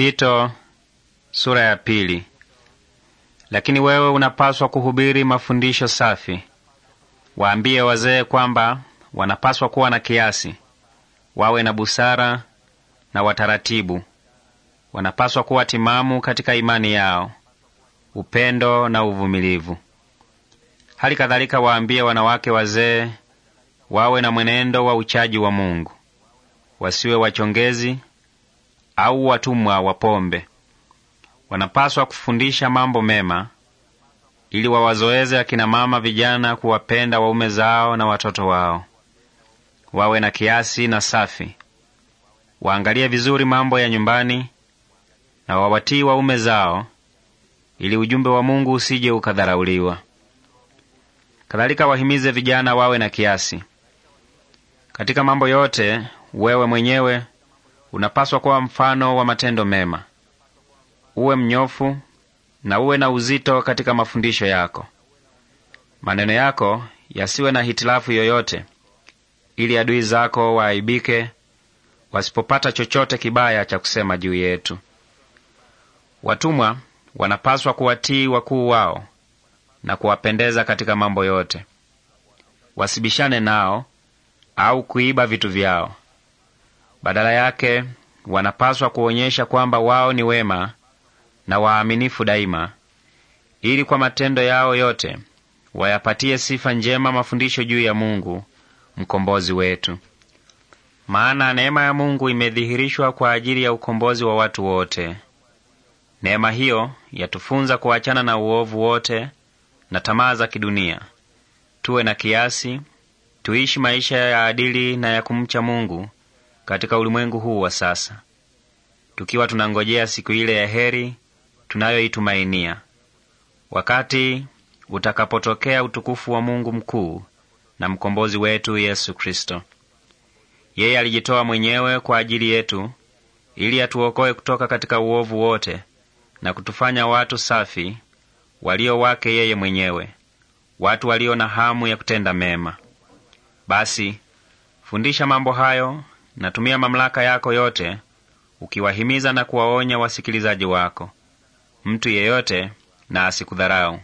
Tito sura ya pili. Lakini wewe unapaswa kuhubiri mafundisho safi. Waambie wazee kwamba wanapaswa kuwa na kiasi, wawe na busara na wataratibu. Wanapaswa kuwa timamu katika imani yao, upendo na uvumilivu. Hali kadhalika waambie wanawake wazee wawe na mwenendo wa uchaji wa Mungu, wasiwe wachongezi au watumwa wa pombe. Wanapaswa kufundisha mambo mema ili wawazoeze akina mama vijana kuwapenda waume zao na watoto wao, wawe na kiasi na safi, waangalie vizuri mambo ya nyumbani na wawatii waume zao, ili ujumbe wa Mungu usije ukadharauliwa. Kadhalika wahimize vijana wawe na kiasi katika mambo yote. Wewe mwenyewe unapaswa kuwa mfano wa matendo mema. Uwe mnyofu na uwe na uzito katika mafundisho yako. Maneno yako yasiwe na hitilafu yoyote, ili adui zako waaibike wasipopata chochote kibaya cha kusema juu yetu. Watumwa wanapaswa kuwatii wakuu wao na kuwapendeza katika mambo yote, wasibishane nao au kuiba vitu vyao. Badala yake wanapaswa kuonyesha kwamba wao ni wema na waaminifu daima, ili kwa matendo yao yote wayapatie sifa njema mafundisho juu ya Mungu mkombozi wetu. Maana neema ya Mungu imedhihirishwa kwa ajili ya ukombozi wa watu wote. Neema hiyo yatufunza kuachana na uovu wote na tamaa za kidunia, tuwe na kiasi, tuishi maisha ya adili na ya kumcha Mungu katika ulimwengu huu wa sasa, tukiwa tunangojea siku ile ya heri tunayoitumainia, wakati utakapotokea utukufu wa Mungu mkuu na mkombozi wetu Yesu Kristo. Yeye alijitoa mwenyewe kwa ajili yetu ili atuokoe kutoka katika uovu wote na kutufanya watu safi walio wake yeye mwenyewe, watu walio na hamu ya kutenda mema. Basi fundisha mambo hayo natumia mamlaka yako yote ukiwahimiza na kuwaonya wasikilizaji wako. Mtu yeyote na asikudharau.